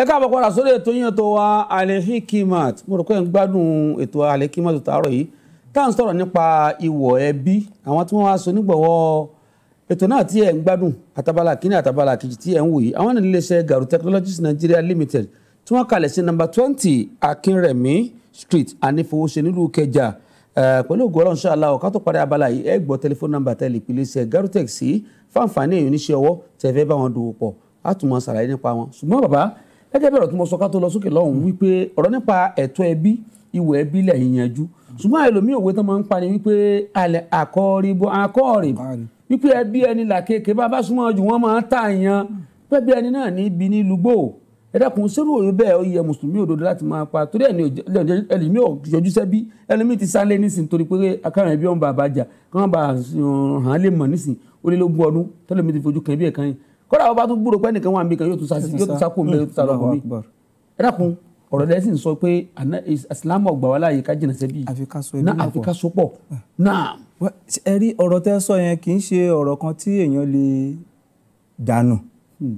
ẹ káàbọ̀ padà sórí ètò yín ètò wa Al-Hikmat mo rò pé ń gbádùn ètò Al-Hikmat tààrọ̀ yìí tá à ń sọ̀rọ̀ nípa ìwọ̀ ẹbí àwọn tí wọ́n wá so nígbọ̀wọ́ ètò náà tí ẹ̀ ń gbádùn àtàbàlà kínní àtàbàlà kejì tí ẹ̀ ń wò yìí àwọn nílé iṣẹ́ Garu Technologies Nigeria Limited tí wọ́n kalẹ̀ sí number twenty Akínrẹ̀mí Street ànífowóṣe nílùú Ìkẹjà eh, pẹ̀lú ògùn ọlọ́run ṣáàlá ọ̀ká tó parí abala yìí ẹ gbọ́ tẹlifóònù nọ́mbà tẹ́lẹ̀ ìpìlẹ̀ iṣẹ́ Garutech sí fáǹfààní èyí oníṣẹ́ ọwọ́ tẹ̀fẹ́ bá wọn dòwò pọ̀ á tún mọ ṣàlàyé nípa wọn ṣùgbọ́n bàbá gẹ́gẹ́ bí ọ̀rọ̀ tí mo sọ ká tó lọ sókè lọ́hùn wípé ọ̀rọ̀ nípa ẹ̀tọ́ ẹbí ìwọ̀ ẹbí lẹ̀ yanjú ṣùgbọ́n àìlòmíì òwe tó máa ń pa ni wípé alẹ́ àkọ́rìbọ àkọ́rì wípé ẹbí ẹni làkèké bàbá súnmọ́ jù wọ́n máa ń tà yan pẹ́bí ẹni náà ní ibi ní lùgbò ẹ̀dàkùn sẹ́rù òye bẹ́ẹ̀ ó yẹ mùsùlùmí òdodo láti máa pa torí ẹni ẹlòmíì ò yọjú sẹ́bí ẹlòmíì ti sálẹ̀ nísìn torí pé akáwọn ẹbí ọ̀n bàbá jà káwọn bá hàn án lè mọ̀ nísìn ó lé lógún ọdún tẹ́lẹ̀mí ti fojú kan ẹbí ẹ̀ kan yìí kódà wọn bá tún gbúrò pé ẹnìkan wà níbi kan yóò tún sá yóò tún sá kó mbẹ yóò tún sá lọ bọ ẹ dákun ọ̀rọ̀ lẹ́sìn sọ pé asilamu ọgbà wa láàyè ká jìnnà sẹ́bí na àfi ká so pọ̀ eh. náà. ẹ rí ọ̀rọ̀ tẹ́ sọ yẹn kì í ṣe ọ̀rọ̀ kan tí èèyàn lè dànù hmm.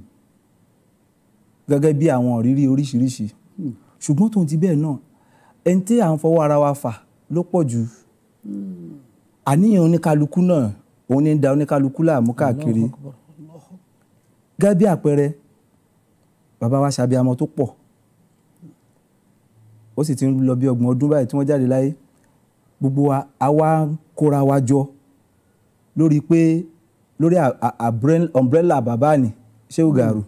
gẹ́gẹ́ bí àwọn ìrírí oríṣiríṣi hmm. ṣùgbọ́n tòun ti bẹ́ẹ̀ náà ẹni tí à ń fọwọ́ ara wa fà ló pọ̀ jù hmm. àníyàn oníkálukú náà òun ní da oníkálukú láàmú káàkiri gẹ́gẹ́ bí àpẹẹrẹ bàbá wa ṣàbíamọ tó pọ̀ ó sì ti ń lọ bí ọgbọ̀n ọdún báyìí tí wọ́n jáde láyé gbogbo àwa kóra wa jọ lórí pé lórí umbrella bàbá ni Shehu Garu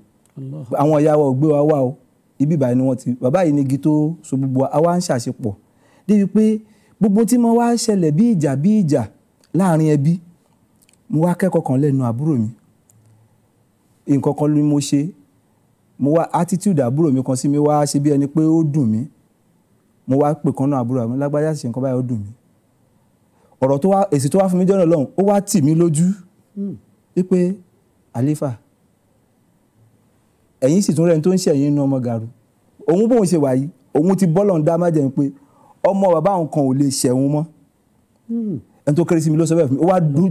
àwọn ìyá wa ò gbé wa wá o ibi ìbàyìí ni wọ́n ti bàbá yìí ni igi tó so gbogbo àwa ń ṣàṣepọ̀ débi pé gbogbo tí mo wá ṣẹlẹ̀ bí ìjà bí ìjà láàrin ẹbí mo wá kẹ́kọ̀ọ́ kan lẹ́nu àbúrò mi nǹkan kan ni mo ṣe mo wá attitude àbúrò mi kan sí mi wá ṣe bí ẹni pé ó dùn mí mo wá pè kan náà àbúrò mi lágbájá ṣe nǹkan báyìí ó dùn mí ọ̀rọ̀ tó wá èsì tó wá fún mi jọ́nà lọ́hùn ó wá tì mí lójú hmm. wípé àlefa ẹ̀yin sì tún rẹ̀ tó ń ṣe ẹ̀yin inú ọmọ gàrú òun bóun ṣe wà yìí òun ti bọ́lọ̀ ń dá májẹ̀mú pé ọmọ bàbá òun kan ò lè ṣẹ̀wọ̀n mọ́ hmm. ẹni tó kéré mi ló sọ bẹ́ẹ̀ fún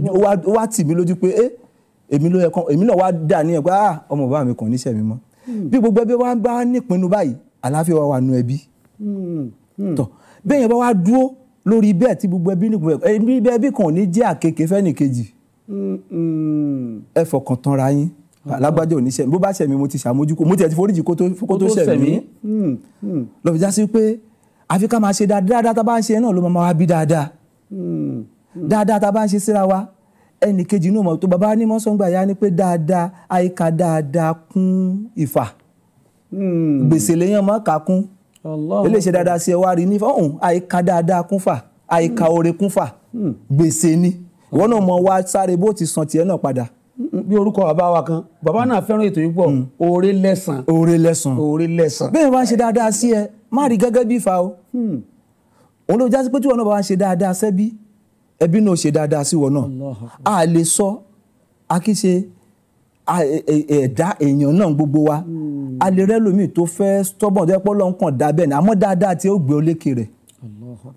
mi ó wá hmm. tì mí lójú pé eh èmi ló yẹ kán èmi náà wá dà ní ẹgbẹ́ ah ọmọ bàbá mi kàn ní sẹ̀mí mọ́ hmm. bí gbogbo ẹbí wa bá nípinnu báyìí àlàáfíà wa wà nù ẹbí tọ bẹ́ẹ̀ yẹn bá wá dúró lórí bẹ́ẹ̀ tí gbogbo ẹbí nípinnu ẹbí ẹbí kan ò ní jẹ́ àkekèé fẹ́nì kejì hmm, hmm. ẹ fọkàn tanra yín ah. alágbájá ò ní sẹ̀mí bó bá sẹ̀mí mo ti ṣàmójúkó mo ti ẹ̀ ti foríjì kó tó sẹ̀mí lọ́ọ̀fì já sí pé àfi ká máa ṣe dáadáa tá a bá ń ṣe náà ló máa wá bí dáadáa dáadáa tá a bá ń ṣe síra wa ẹnì kejì inú ọmọ tó bàbá ní mọ́sángbà yá ni pé dáadáa àyíká dáadáa kún ìfà hmm. gbèsè lèyàn máa kà kún eléṣe dáadáa sí ẹ wá rí ní fún àyíká dáadáa kún fà àyíká hmm. oore kún fà hmm. gbèsè ni ìwọ náà mọ wá sáré bó ti san tiẹ̀ náà padà. bí orúkọ bàbá wa kan bàbá náà fẹ́ràn ètò yìí pọ̀ oore lẹ́san. oore lẹ́san oore lẹ́san. bẹ́ẹ̀ bá ń ṣe dáadáa sí ẹ má rí gẹ́gẹ́ bí ìfà o òun ló jásí pé tí wọn náà bá ń ṣe dáadáa sẹ́bí ẹbí náà ṣe dáadáa sí wọn náà a lè sọ a kì í ṣe e, e, ẹ̀dá èèyàn náà gbogbo wa hmm. a lè rẹ́lòmíì tó fẹ́ stubborn tó yẹ pé Ọlọ́run kàn dá bẹ́ẹ̀ ni àmọ́ dáadáa tí ó gbé ọ lékè rẹ̀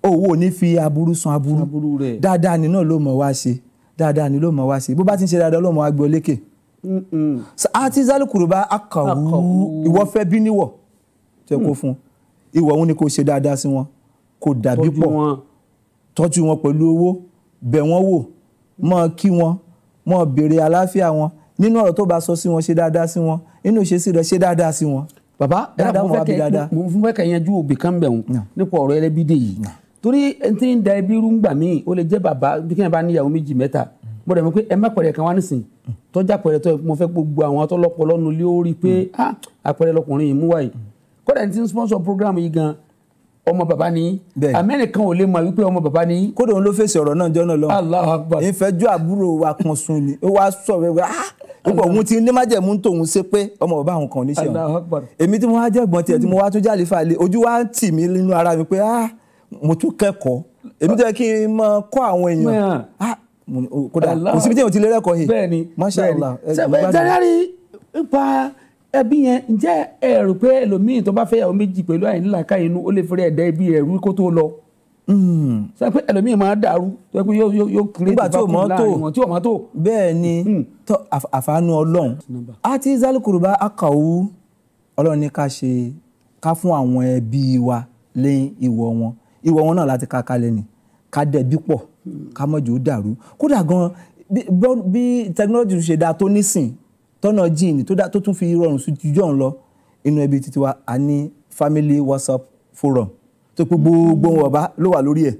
owó ò ní fi aburú san aburú dáadáa ni náà ló mọ̀ wá ṣe dáadáa ni ló mọ̀ wá ṣe bó bá ti ń ṣe dáadáa ló mọ̀ wá gbé ọ lékè àti zálùkùrùbá akàwú ìwọ fẹ́ bí níwọ̀ tẹ kó hmm. fún ìwọ òun ni kò ṣe dáadáa sí wọn kò dàbí pọ̀ tọ́jú wọn pẹ̀lú owó bẹ̀ wọ́n wò mọ́ kí wọn mọ́ béèrè àlàáfíà wọn nínú ọ̀rọ̀ tó bá sọ sí wọn ṣe dáadáa sí wọn nínú ìṣesí rẹ̀ ṣe dáadáa sí wọn. bàbá dáadáa wọn wá bí dáadáa. mo fẹ́ kẹ́ yanjú òbí kan bẹ̀ wọ́n nípa ọ̀rọ̀ ẹlẹ́bídé yìí torí ẹni tí ń da ẹbí rú ń gbà míì ó lè jẹ́ bàbá bí kí n bá níyàwó méjì mẹ́ta mo dẹ̀ mọ̀ pé ẹ má pẹ̀rẹ̀ kan wá nísìnyí tọ́jà pẹ̀rẹ̀ tọ́ mo fẹ́ gbogbo àwọn atọ́lọ́pọ̀ lọ́nu lé ó rí i pé ah, àpẹẹrẹ lọkùnrin yìí mú wáyé kọ́dà ní ti ń sponsor program yìí gan ọmọ bàbá ni amẹ́nìkan ò lè mọ wípé ọmọ bàbá ni. kódà òun ló fèsì ọ̀rọ̀ náà jọ́nà lọ́wọ́ Allahu Akbar ìfẹ́jú àbúrò wa kan sùn ni ó wá sọ̀rọ̀ ẹ̀ ah ipò òun ti ní májẹ̀mú tòun ṣe pé ọmọ bàbá òun kan níṣẹ́ òun èmi tí mo wá jẹ́ ẹ̀gbọ́n tiẹ̀ tí mo wá tún jáde fàlẹ́ ojú wa ń tì mí nínú ara mi pé ah mo tún kẹ́kọ̀ọ́ èmi tó yẹ kí n mọ kọ́ àwọn èèyàn ah oh, kódà kò síbi tí èèyàn ti lé rẹ́kọ̀ọ́ yìí masha ẹbí yẹn ǹjẹ́ ẹ rò pé ẹlòmíì tó bá fẹ́ yàwó méjì pẹ̀lú àìní làákà inú ó lè fẹ́rẹ̀ ẹ̀dá ibi ẹ̀rú kó tó lọ. sọ hmm. pé ẹlòmíì máa dàrú tó yẹ pé yóò yóò yóò kiri tí o mọ̀ tó tí o mọ̀ tó. bẹ́ẹ̀ ni hmm. tó àfààní ọlọ́run àti zálùkùrùbá akàwú ọlọ́run ní ká ṣe ká fún àwọn ẹbí wa lẹ́yìn ìwọ̀ wọn ìwọ̀ wọn náà láti ká kalẹ̀ ni ká dẹ̀bí pọ̀ hmm. ká mọ̀jọ́ dàrú kódà gan bí technology ṣe dáa tó nísìn tọ́nà jíìnì tó tún fi rọrùn sí jíjọ́ ń lọ inú ẹbí títí wa a ní family whatsapp forum tó pé gbogbo wọn ọba ló wà lórí ẹ̀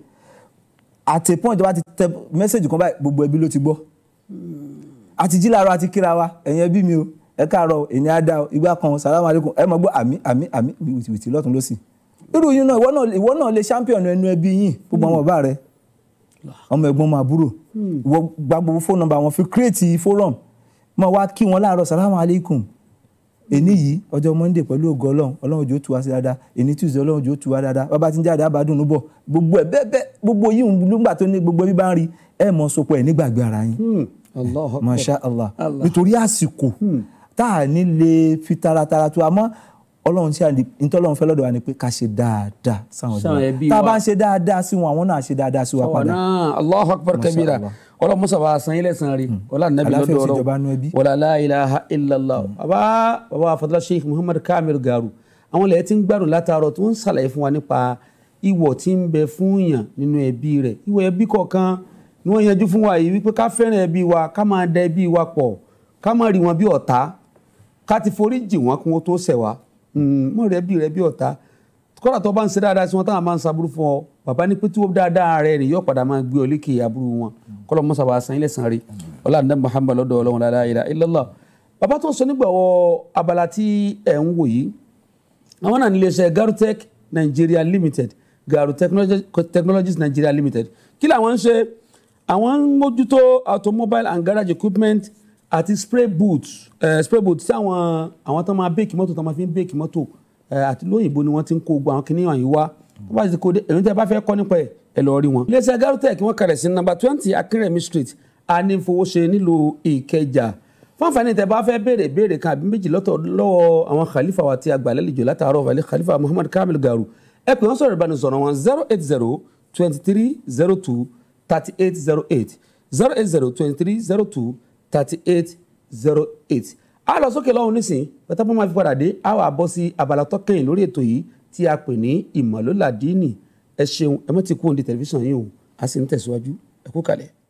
àti point tó bá ti tẹ mẹ́sẹ̀gì kan báyìí gbogbo ẹbí ló ti gbọ́ àti jí làárọ̀ àti kíra wa ẹ̀yin ẹbí mi o ẹ káàárọ̀ èmi á o ìgbà kan salamu aleykum ẹ mọ̀ gbọ́ àmì àmì àmì wìtìwìtì lọ́tún lọ́sì irú yín náà ìwọ náà lè champion ẹnu ẹbí yín gbogbo àwọn ọba rẹ ọmọ ẹ̀gbọ́n ọmọ àbúrò ìwọ fóònù nọ́mbà wọn fi create forum mọ wá kí wọn láàárọ̀ salamu alaykum èní yìí ọjọ́ monday pẹ̀lú ògo ọlọ́run ọlọ́run jò tú wa sí dáadáa èní tuesday ọlọ́run jò tú wa dáadáa bàbá tí ń jáde àbádùn níbọ̀ gbogbo ẹ̀ bẹ́ẹ̀ bẹ́ẹ̀ gbogbo yìí ń lùgbà tó ní gbogbo bí bá ń rí ẹ̀ mọ̀ sopọ̀ ẹ̀ nígbàgbé ara yín hmm, masha allah nítorí àsìkò hmm. tá a ní lè fi taratara tu àmọ́ ọlọ́run tí a lè ntọ́lọ́run fẹ́ lọ́dọ̀ wa ni pé ká ṣe dáadáa sáwọn ẹbí wa tá a bá ń ṣe dáadáa sí wọn àwọn náà ṣe dáadáa sí wa padà. Allahu akbar kabira ọlọ́run musa bá a san ilẹ̀ san rí hmm. ọlá nàbí wàlá la ilaha illallah. Hmm. bàbá bàbá afadúrà sheikh muhammad kamil garu àwọn ilẹ̀ tí ń gbádùn látàárọ̀ tó ń ṣàlàyé fún wa nípa ìwọ̀ tí ń bẹ fún yàn nínú ẹbí rẹ̀ ìwọ̀ ẹbí kọ̀ọ̀kan ni wọ́n yanjú fún wa yìí wípé ká fẹ́ràn ẹbí wa ká máa da ẹbí wa pọ̀ ká má rí wọn bí ọ̀tá ká ti forí jì wọ́n kí tó ṣẹ̀ wá Mm, mọ̀ rẹ bí rẹ bí ọ̀tá kọ́lá tó bá ń ṣe dáadáa sí wọn táwọn máa ń saburú fún ọ bàbá ní pé tí wọ́n dáadáa rẹ ni yóò padà máa gbé ọ lékè aburú wọn kọ́lọ́ mọ́sá bá san ilé san rí ọlọ́dún Muhammad lọ́dọ̀ ọlọ́run dáadáa ilà ilọ́lá bàbá tó sọ nígbà wọ abala tí ẹ̀ ń wò yìí àwọn náà níléeṣẹ́ Garutech Nigeria Limited Garu Technologies Nigeria Limited kí làwọn ń ṣe àwọn ń mójútó automobile and garage equipment àti spray boot eh, spray boot sí àwọn àwọn tó máa bake mọ́tò tó máa fi ń bake mọ́tò eh, àti lóyìnbó ni wọ́n ti ń kó gbogbo àwọn kìnìún yìí wá wọ́n bá ti kó dé èyí tẹ́ bá fẹ́ kọ́ nípa ẹ̀ lọ rí wọn. iléeṣẹ́ garotech wọ́n kalẹ̀ sí nọ́mbà twenty akínrẹ̀mí street anífowóṣe nílùú ìkẹjà fáfáàní tẹ́ bá fẹ́ béèrè béèrè kan àbí méjì lọ́tọ̀ lọ́wọ́ àwọn khalifa wa ti agbàlejò látàárọ̀ muhammad kamil garu ẹ pè wọ́n sọ̀rọ̀ ìbánisọ̀rọ̀ zero eight zero twenty three zero two thirty eight zero eight zero eight zero twenty three zero two thirty eight zero eight a lọ sókè lọ́hùn nísìnyí pátá bá máa fi padà dé a wà bọ́ sí abala tó kẹ́yìn lórí ètò yìí tí a pè ní ìmọ̀lódàdínì ẹ ṣeun ẹ mọ́ ti kú òǹdí tẹlifíṣàn yìí o a sì ń tẹ̀síwájú ẹ kú kalẹ̀.